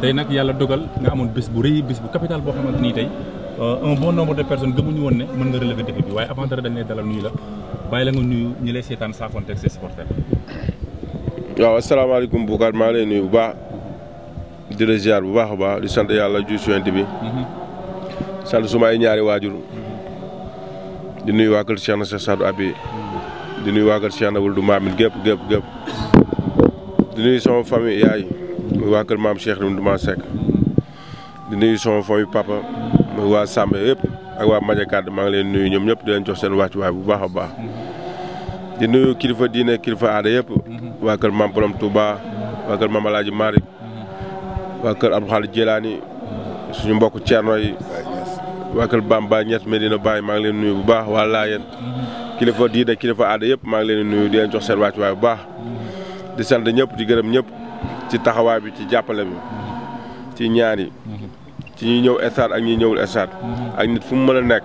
tey nag yàlla dogal nga amoon bis bu rëy bés bu capital boo xamante ni tey euh, un bon nombre de personnes gëmuñu woon ne mën nga relever défi bi waaye avant dara dañ lay dalal nuyu la bàyyi la nga nuyu ñi lay seetaan saafonte ak ses supporters. waaw asalaamaaleykum Boucar maa lay nuyu bu baax di bu baax a baax di sant yàlla ju suwent bi. Mm-hmm. sant suma ay ñaari waajur. Mm-hmm. di nuyu waa kër Cheikh na Cheikh Sadou Abi. Mm-hmm. di nuyu waa kër Cheikh na wul du Maamin gépp gépp gépp di nuyu sama famille muy waa kër maam Cheikh Ndouma Seck di nuyu son fooy papa muy waa Samba yëpp ak waa Maja Kàdd maa ngi leen nuyu ñoom ñëpp di leen jox seen wàccuwaay bu baax a baax. di nuyu kilifa diine kilifa aada yëpp. waa kër maam Borom Touba waa kër maam El Hadj Malick waa kër Abdou Khadir Jilaani suñu mbokk Thierno yi. waa kër Bamba Niass Medina Baye maa ngi leen nuyu bu baax waa Laayeen kilifa diine kilifa aada yëpp maa ngi leen nuyu di leen jox seen wàccuwaay bu baax di sant ñëpp di gërëm ñëpp. ci taxawaay bi ci jàppale bi ci ñaar yi ci ñuy ñëw stade ak ñuy ñëwul stade ak nit fu mu mën a nekk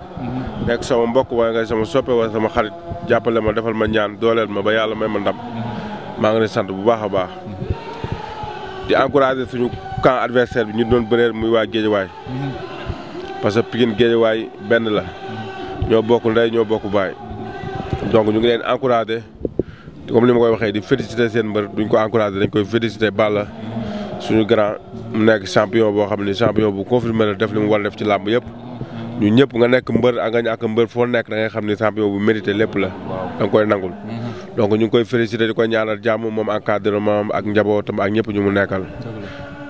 nekk sama mbokk waaye nga sama soppe wala sama xarit jàppale ma defal ma ñaan dooleel ma ba yàlla may ma ndam maa ngi lay sant bu baax a baax di encourager suñu camp adversaire bi ñu doon bëreer muy waa Géejawaay parce que Pikine Géejawaay benn la ñoo bokk ndey ñoo bokk baay donc ñu ngi leen encourager comme ni ma koy waxee di féliciter seen mbër duñ ko encourager dañ koy féliciter Balla suñu grand mu nekk champion boo xam ni champion bu confirmé la def li mu war def ci làmb yëpp ñu ñëpp nga nekk mbër nga ñàkk mbër foo nekk dangay xam ni champion bu mérité lépp la da nga koy nangul mhm. donc ñu ngi koy féliciter di ko ñaanal jàmm moom encadrement am ak njabootam ak ñëpp ñu mu nekkal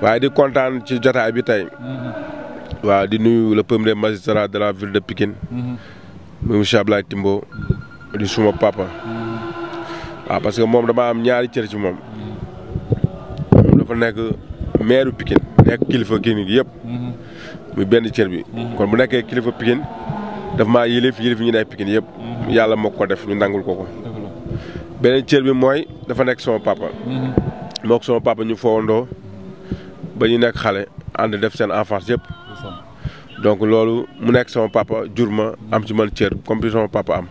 waaye di kontaan ci jotaay bi tey mhm. waaw di nuyu le premier magistrat la ville de Pikine mhm. monsieur Ablaye Timbo suma papa waaw ah, parce que moom damaa am ñaari cër ci moom moom dafa nekk maire Pikine nekk kilifa Pikine gi yëpp mm-hmm. muy benn cër bi mm-hmm. kon bu nekkee kilifa Pikine daf maa yilif yilif ñu nekk Pikine yëpp mm-hmm. yàlla moo ko def ñu nangul ko ko beneen cër bi mooy dafa nekk sama papa moo ko sama papa ñu fowandoo ba ñu nekk xale ànd def seen enfance yëpp donc loolu mu nekk sama papa jur ma am ci man cër comme bi sama papa am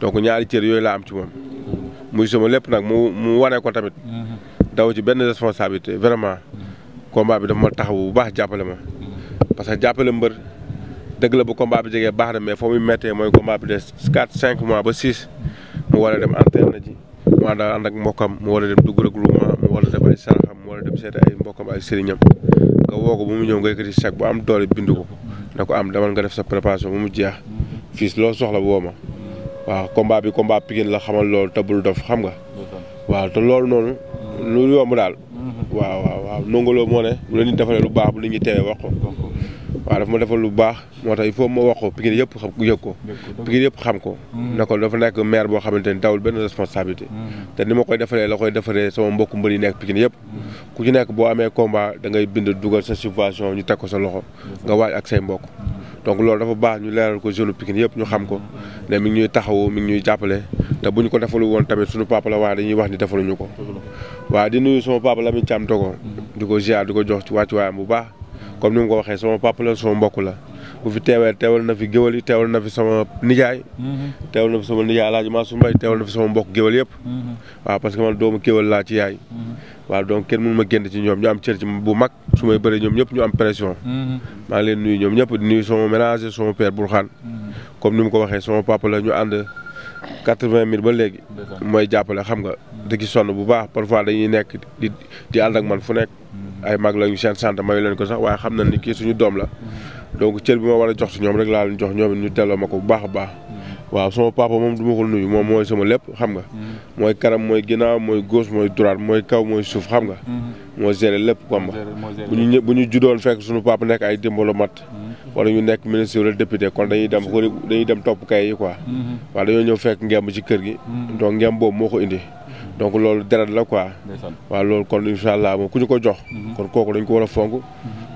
donc ñaari cër yooyu laa am ci moom muy sama lépp nag mu mu wane ko tamit. Mhm. daw ci benn responsabilité vraiment. Mhm. combat bi dafa ma taxaw bu baax jàppale ma. Mhm. parce que jàppale mbër dëgg la bu combat bi jegee baax na mais foo muy méttee mooy combat bi de quatre cinq mois ba six mu war a dem antenne ji mu war a ànd ak mbokkam mu war a dem dugg rek luuma mu war def ay saraxam mu war dem seete ay mbokkam ay sëriñam nga woo ko bu mu ñëw nga yëkkati chèque bu am doole bind ko na ko am demal nga def sa préparation bu mu jeex fii loo soxla woo ma. waaw combat bi combat Pikine la xamal loolu te bul dof xam nga. waaw te loolu noonu. lu yomb daal. waaw waaw waaw Ndongo Lo moo ne bu la nit defaree lu baax bu la ñuy teewee wax ko. waaw dafa ma defal lu baax moo tax il faut wax ko Pikine yëpp xam yëg ko. Pikine yëpp xam ko. ne ko dafa nekk maire boo xamante ni dawul benn responsabilité. te ni ma koy defaree la koy defaree sama mbokku mbër nekk Pikine yëpp. ku ci nekk boo amee combat dangay bind dugal sa subvention ñu teg ko sa loxo. nga waaj ak say mbokk. donc loolu dafa baax ñu leeral ko jeune Pikine yëpp ñu xam ko ne mi ngi ñuy taxawu mi ngi ñuy jàppale te bu ñu ko defalu woon tamit suñu papa la waaye dañuy wax ni defaluñu ko waaw di nuyu sama papa Lamine Thiam Togo di ko ziar di ko jox ci wàccuwaayam bu baax comme ni mu ko waxee sama papa la sama mbokk la bu fi teewee teewal na fi géwal yi teewal na fi sama nijaay teewal na fi sama nijaay Alaaji Mansour Mbaye teewal na fi sama mbokk géwal yëpp mhm. waaw parce que man doomu géwal laa ci yaay mhm. waaw donc kenn mun ma génn ci ñoom ñu am cër ci bu mag su may bëri ñoom ñëpp ñu am pression. Mm-hmm. maa ngi leen nuyu ñoom ñëpp di nuyu sama ménager sama père Bourkhane. Mm-hmm. comme ni mu ko waxee sama papa la ñu ànd quatre-vingt mille ba léegi. mooy jàppale xam nga. Mm-hmm. di ci sonn bu baax parfois dañuy nekk di di ànd ak man fu nekk. ay mag lañu seen sant mayu leen ko sax waaye xam na ni kii suñu doom la. donc cër bi ma war a jox si ñoom rek laa leen jox ñoom ñu delloo ma ko bu baax baax. waaw sama papa moom du ma ko nuyu moom mooy sama lépp xam nga. Mm-hmm. mooy kanam mooy ginnaaw mooy gauche mooy droite mooy kaw mooy suuf xam nga. Mm-hmm. moo géré lépp comme bu ñu bu ñu juddoon fekk suñu papa nekk ay dimbalu mat. Mm-hmm. wala ñu nekk ministre wala kon dañuy dem dañuy dem topp kay yi quoi. waaw dañoo ñëw fekk ngemb ci kër gi. donc ngemb boobu moo ko indi. donc loolu deret la quoi. waaw loolu kon incha allah moom ku ñu ko jox. kon kooku dañ ko war a fonk.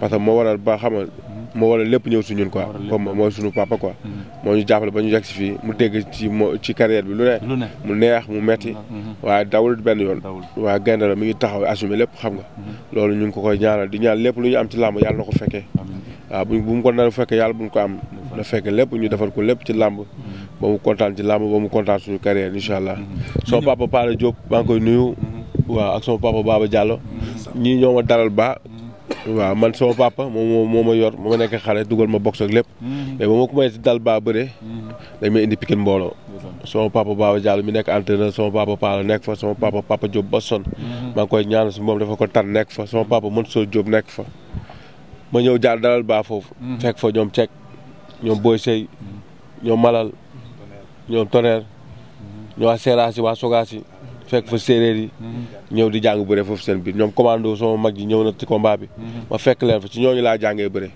parce que moo waral ba xam moo wala lépp ñëw si ñun quoi comme mooy suñu papa quoi mm-hmm. moo ñu jàppale ba ñu yegg fii mu dégg ci mo ci carrière bi lu ne mu neex mu metti mm-hmm. Mm-hmm. waaye dawul benn yoon waaye gaynde la mi ngi taxaw assumé lépp xam nga loolu ñu ngi ko koy ñaanal di ñaan lépp lu ñu am ci làmb yàlla na ko fekkee waaw bu bu mu ko nar fekkee yàlla buñ ko am na fekkee lépp ñu defal ko lépp ci làmb ba mu kontaan ci làmb ba mu kontaan suñu carrière incha allah soo papa Paala Diop maa ngi koy nuyu waaw ak sama papa Baba Diallo ñii ñoo ma dalal ba waaw man sama papa moom moo ma yor moo ma nekk xale dugal ma box ak lépp. Mhm. mais ba ma commencé dal baa bëre. Mhm. dañ may indi Pikine mbooloo. sama papa Baba Diallo mi nekk entraîneur sama papa Paala nekk fa sama papa Papa Diop ba son mhm. maa ngi koy ñaanal su moom dafa ko tan nekk fa sama papa Mansour Diop nekk fa. ma ñëw jaar dalal baa foofu. fekk fa ñoom Cek ñoom Boy Sey ñoom Malal ñoom Tonnerre ñoo waa Seeraasi waa Sogaasi fekk fa séeréer yi ñëw di jàng bëre foofu seen biir ñoom commando sama mag ji ñëw na ci combat bi ma fekk leen fa ci laa jàngee bëre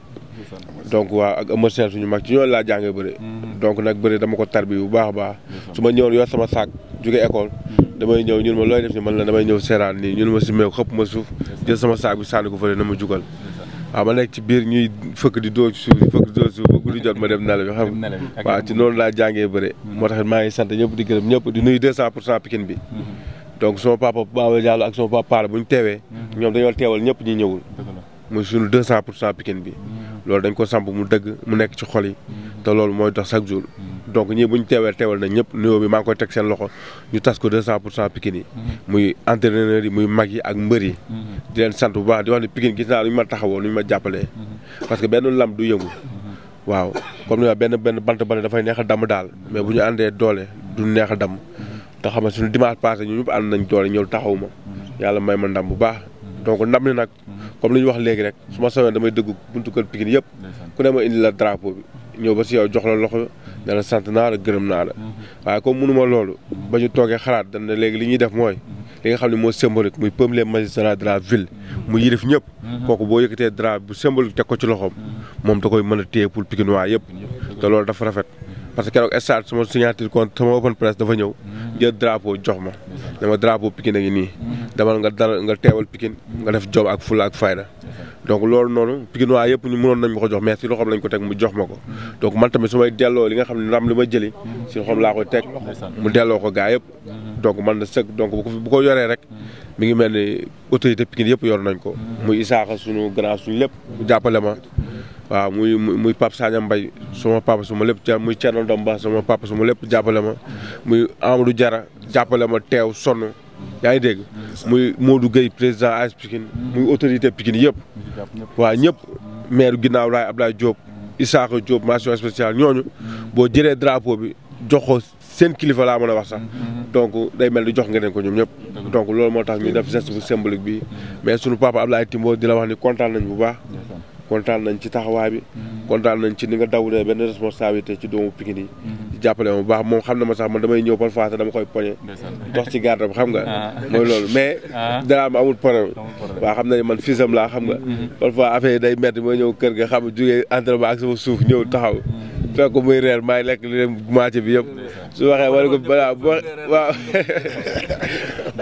donc waaw ak Eumeu ci ñooñu laa jàngee bëre donc nag bëre dama ko tarbi bu baax a baax su ma ñëwoon yor sama saak jóge école damay ñëw ñun ma looy def ni man la damay ñëw seeraan nii ñun ma si meew ma suuf jël sama saak bi sànni ko fële na ma jugal waaw ma biir ñuy di dóor ci suuf di fëkk di dóor laa jàngee bëre mm-hmm. moo tax maa ngi sant ñëpp di gërëm ñëpp di nuyu deux cent pour cent Pikine bi mm-hmm. donc sama papa Baaba Diallo ak sama papa Paala bu ñu teewee. Mhm. ñoom dañoo teewal ñëpp ñi ñëwul. muy suñu deux cent pour cent Pikine bi. Mhm. loolu dañ ko samp mu dëgg mu nekk ci xol yi. Mhm. te loolu mooy tax chaque jour. donc ñii bu ñu teewal na ñëpp nuyoo bi maa ngi koy teg seen loxo ñu tas ko deux cent pour cent Pikine yi. muy entraîneur yi muy mag yi ak mbër yi. di leen sant bu baax di wax ne Pikine gis naa nu ma taxawoo nu ñu ma jàppale parce que benn lam du yëngu. waaw comme ni ma benn benn bant bant dafay neex a damm daal mais bu ñu àndee doole du neex a damm. te xam nga suñu dimanche passé ñu ñëpp ànd nañ doole ñëw taxaw ma yàlla may ma ndam bu baax donc ndam li nag comme lu ñu wax léegi rek su ma sawee damay dëgg buntu kër Pikine yëpp ku ne ma indi la drapeau bi ñëw ba si yow jox la loxo ne sant naa la gërëm naa la mhm. waaye ko mënuma loolu ba ñu toogee xalaat dañ ne léegi li ñuy def mooy li nga xam ne moo symbolique muy premier magistrat de la ville mu yërif ñëpp mhm. kooku boo yëkkatee drap bu symbolique teg ko ci loxoom mhm. moom da koy mën a téye pour Pikinois yëpp te loolu dafa rafet parce que keroog stade sama signature contre sama open press dafa ñëw mm. jël drapeau jox ma dama drapeau Pikine a ngi nii mm. demal nga dal nga teewal Pikine nga def jom ak fula ak fay fayda donc loolu noonu Pikine waa yëpp ñu mënoon nañ ma jox mais si lañ ko teg mu jox ma ko mm. donc man su may delloo li nga xam ne ndam li ma jëli si loxoom laa koy mu delloo ko gaa yëpp donc man na sëg donc bu ko yoree rek mi ngi mel ni autorité Pikine yëpp yor nañ ko muy Isaaxa suñu grand suñu lépp jàppale ma waaw muy muy Pape Sagna Mbaye suma papa suma lépp ja muy Thierno Ndomba suma papa suma lépp jàppale ma muy du jara jàppale ma teew sonn yaa ngi dégg muy Modou Gueye président AS Pikine muy autorité Pikine yëpp waaw ñëpp maire ginnaaw laay ab Ablaye Diop Issaaka Diop mention spéciale ñooñu boo jëlee drapeau bi jox ko seen kilifa laa mën a wax sax donc day mel ni jox ngeen ko ñoom ñëpp donc loolu moo tax ñu def geste bu symbolique bi mais sunu papa Ablaye Timbo di la wax ni kontaan nañ bu baax kontaan nañ ci taxawaay bi. Mm-hmm. kontaan nañ ci ni nga dawlee benn responsabilité ci doomu Pikine yi. Mm-hmm. jàppale ma bu baax moom xam na ma sax man damay ñëw parfois sax dama koy poñe. dox ci garde bi xam nga. Ah. mooy loolu mais. Ah. dara ma amul problème. waaw xam na ne man fisam laa xam nga. Mm-hmm. parfois affaire day metti mooy ñëw kër ga xam nga jugee entraînement ak sama suuf ñëw taxaw. fekk muy reer maay lekk li bi yëpp. su waxee wala ko balaa waaw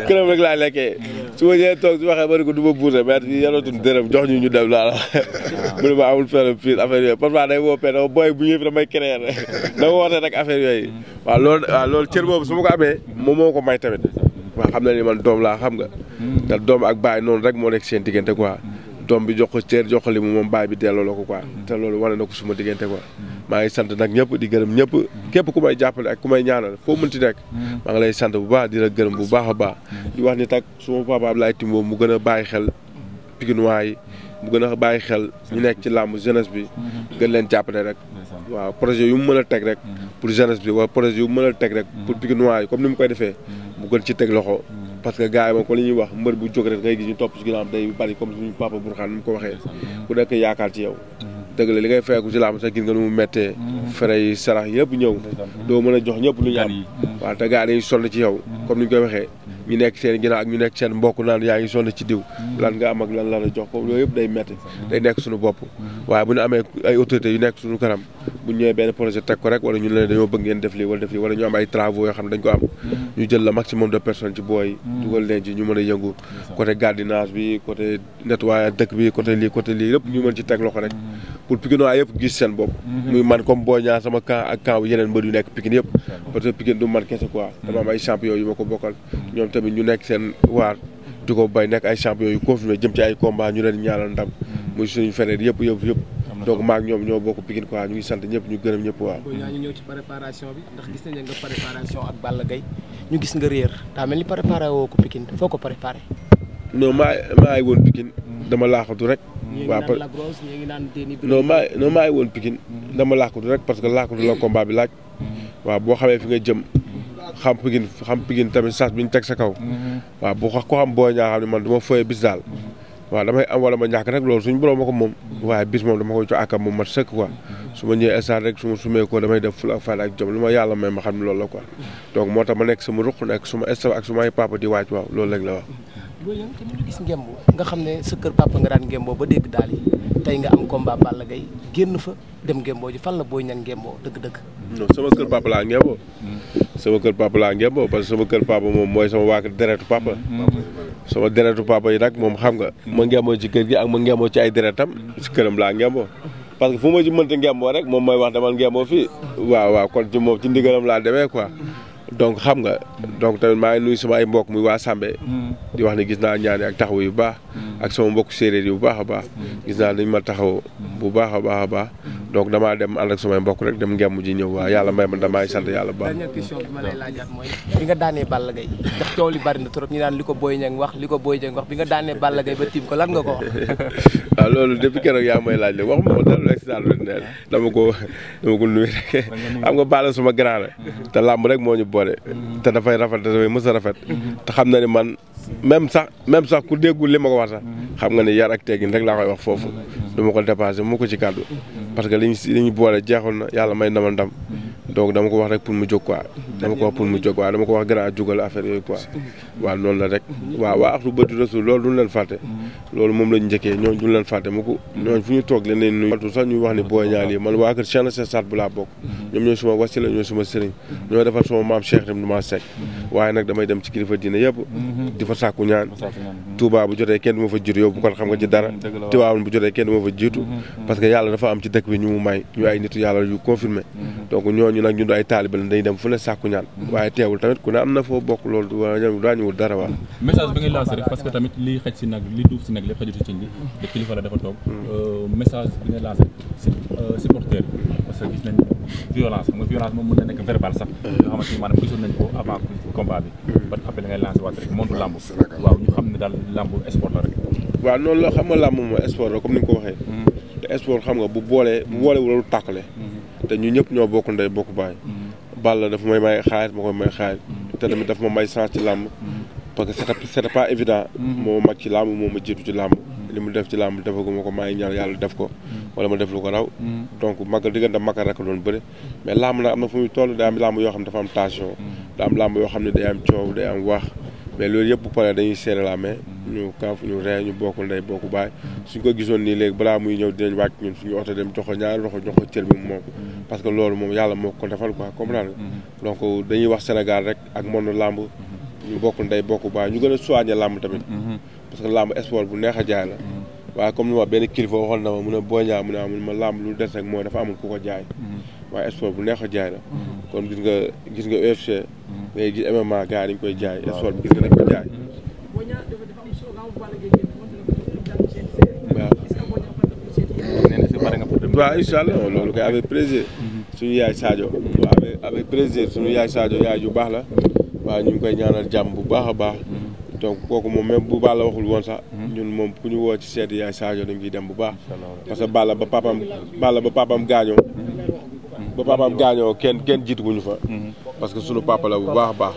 këram rek laa lekkee. su ma ñëwee toog su waxee ma ne ko du ma buuse mais yi yalootuñ dërëm jox ñu ñu dem laala mu ne ma amul fenn fii affaire yooyu parfois day woo pee dama booy bu ñëw damay créer da woote rek affaire yooyu waa lool waaw loolu cër boobu su ma ko amee moom moo ko may tamit waaw xam na ni man doom laa xam nga te doom ak baay noonu rek moo nekk seen diggante quoi doom bi jox ko cër jox ko li mu moom baay bi delloo la ko quoi te lool wane na ko suma diggante quoi maa ngi sant nag ñëpp di gërëm ñëpp képp ku may jàppale ak ku may ñaanal foo mënti nekk mm-hmm. maa ngi lay sant bu baax di la gërëm bu baax a baax mm-hmm. di wax ni tak suma papa Abdoulaye Timbo mu gën a bàyyi xel mm-hmm. Pikinois yi mu gën a bàyyi xel ñu nekk ci làmb jeunesse bi gën leen jàppale rek waaw projet yu mu mën a teg rek pour jeunesse bi wala projet teg rek pour Pikinois yi comme ni mu koy defee mu gën ci teg loxo parce que gars yi moom ko li ñuy wax mbër bu jóg rek ngay gis ñu topp ci ginnaaw day bari comme suñu papa Bourkhane ni mu ko waxee ku nekk yaakaar ci yow dëgg li ngay feeku ci làmb sax gis nga nu mu méttee mm-hmm. fere yi sarax yëpp ñëw mm-hmm. doo mën a jox ñëpp lu ñu am mm-hmm. waa te gaa yi sonn ci yow comme ni ñu koy waxee ñu nekk seen ginnaaw ak ñu nekk seen mbokk naan yaa ngi sonn ci diw lan nga am ak lan la jox ko loolu yëpp day métti day nekk suñu bopp waaye bu ñu amee ay autorités yu nekk suñu kanam bu ñëwee benn projet teg ko rek wala ñu ne dañoo bëgg ngeen def lii wala ñu am ay travaux yoo xam ne dañ ko am mm-hmm. ñu jël la maximum de personnes ci booy mm-hmm. dugal leen ci ñu mën a bi côté lii côté lii yëpp ñu mën ci teg loxo rek mm-hmm. pour Pikinois yëpp gis seen bopp muy man comme Boy Niang sama camp ak camp yeneen mbër nekk yëpp parce que Pikine du man kese quoi dama am ay champion yu ma ko bokkal ñoom tamit ñu nekk seen waar di ko bay nekk ay champion yu confirmé jëm ci ay combat ñu leen ñaanal ndam muy suñu frère yëpp yëpp yëpp donc maa ak ñoom ñoo bokk Pikine quoi ñu ngi sant ñëpp ñu gërëm ñëpp waaw. booy ñu gis nañ nga ñu gis nga réer daa mel ni préparé woo ko Pikine foo ko préparé. non maa maa ngi woon Pikine dama laaxatu rek. waaw par non maa non maa ngi dama laaxatu rek parce que laaxatu la combat bi laaj. waa boo xamee fi nga jëm. xam Pikine xam Pikine tamit sas bi ñu teg sa kaw. Mm-hmm. waaw bu ko xam boo ñaa xam ne man du fooyee bis daal. waaw damay am wala ma ñàkk rek loolu suñu borom ma ko moom waaye bis moom dama koy jox ak moom ma sëkk quoi su ma ñëwee stade rek su ma sumee ko damay def ful ak fayda ak jom lu ma yàlla may ma xam ne loolu la moo tax ma nekk sama ruq nekk suma stade ak sumay papa di waaj waaw loolu rek la wax loolu te ñu gis nga xam ne sa kër papa nga daan ngemboo ba dégg daal yi tey nga am combat Balla Gaye génn fa dem ngemboo ji fan la booy ñan ngemboo dëgg-dëgg sama kër papa laa ngemboo mm. kër papa laa ngemboo parce que sama kër papa moom mooy sama waa dëretu papa mm. sama deretu papa yi nag moom xam nga. ma ngemoo ci kër gi ak ma ngemoo ci ay deretam. si këram laa ngemoo. parce que fu ma ci mënta ngemoo rek moom mooy wax dama ngemoo fii. waaw waaw kon ci moom ci ndigalam laa demee quoi. donc xam nga. donc tamit maa ngi nuyu sama ay mbokk muy waa Sambé. Mm. di wax ne gis naa ñaani ak taxaw yu baax. Mm. ak sama mbokk séeréer yi bu baax a baax. Mm. gis naa dañ ma taxaw bu baax a baax a baax. donc damaa dem ànd ak mbokk rek dem ngemm ji ñëw waa yàlla may ma damay sant yàlla baax. dernière question bi nga daanee Balla Gaye ndax coow li bari na trop ñu naan li ko Boy Niang wax li ko Boy Niang wax bi nga daanee Balla Gaye ba tiim ko lan nga ko wax. waaw ah, loolu depuis keroog yaa mooy laaj de wax ma ko dara dama ko dama ko nuyu xam nga Balla suma grand la te làmb rek moo ñu boole. te dafay rafet te dafay mës a rafet. te xam na ni man même sax même sax ku déggul li ma ko wax sax. xam nga ni yar ak teggin rek laa koy wax foofu. du ma ko dépassé mu ko ci kàddu. Mm-hmm. parce que li ñu boole jeexul na yàlla may na ma ndam. donc dama ko wax rek pour mu jóg quoi. dama ko wax pour mu jóg waaw dama ko wax yooyu quoi. waaw noonu la rek. waaw waa ak lu bëri rasul loolu duñ leen fàtte. loolu moom lañ njëkkee ñooñu duñ leen fàtte mu ko ñooñu toog leen leen nuyu. sax ñuy wax ni booy ñaar yi man waa kër Cheikh na sa saat bu suma wasila ñooy suma sëriñ. ñoo defar suma maam Cheikh Ibrahima Niass Seck. waaye nag damay dem ci kilifa diine yëpp. di fa sàkku ñaan. Touba bu jotee kenn du ma fa jiitu yow bu kon xam nga ci dara. Tiwaawan bu jotee kenn du ma fa jiitu. parce que yàlla dafa am ci ñu mu may ñu ay nitu yàlla yu ñu nag ñu du ay taalibe la dañuy dem fu ne sàkku ñaan bokk loolu daañuwul dara waa message bi ngay lancé rek parce que tamit li xëj si nag li duuf si nag lépp xëjul si cin bi de kilifa la dafa toog euh, message bi ngay lancé si euh, supporter parce que gis nañ violence xam nga na nekk verbal sax euh. yoo ko avant combat bi ban xam ne daal làmb sport la rek waaw xam nga làmb moom sport comme ni nga ko waxee hmm. te sport xam nga bu boolee bu boolewul loolu le te ñu ñëpp ñoo bokk ndey bokk baay. Mm-hmm. Balla dafa may may xaalis ma koy may xaalis. Mm-hmm. te dafa ma may chance ci làmb. Mm-hmm. parce que a c'était pas évident. moo mag ci làmb moo ma jiitu ci làmb. li mu def ci làmb defaguma ko maa ngi ñaan yàlla def ko. wala ma def lu ko raw. donc mag diggante mag rek doon bëri. mais làmb nag am na fu muy toll day am làmb yoo xam ne dafa am tension. da am làmb yoo xam ne day am coow day am wax. mais loolu yëpp bu paree dañuy seere la mais ñu kaaf ñu ree ñu bokk ndey bokk baay suñ ko gisoon nii léegi balaa muy ñëw dinañ ñun suñu oto dem jox ko ñaari loxo jox ko cër bi moom parce que loolu moom yàlla moo ko defal quoi comprendre mm-hmm. donc dañuy wax Sénégal rek ak monde làmb mm-hmm. ñu bokk ndey bokk baay ñu gën a soigné làmb tamit mm-hmm. parce que làmb sport bu neex a jaay la waaye comme ni ma benn kilifa waxoon na ma mu ne Boy Niang mu ne mun ma làmb lu des rek mooy dafa amul ku ko jaay waaye sport bu neex a jaay la kon gis nga gis nga UFC mais gis MMA gars yi koy jaay sport gis nga koy jaay waaw incha allah loolu kay avec plaisir. suñu yaay Sadio. waaw avec avec plaisir suñu yaay Sadio yaay ju baax la. waaw ñu ngi koy ñaanal jàmm bu baax a baax. donc kooku moom même bu baax la waxul woon sax. ñun moom ku ñu woo ci seeti yaay Sadio dañ ciy dem bu baax. parce que Balla ba papam Balla ba papam gaañoo. ba papam gaañoo kenn kenn jiituwuñu fa. parce que suñu papa la bu baax a baax.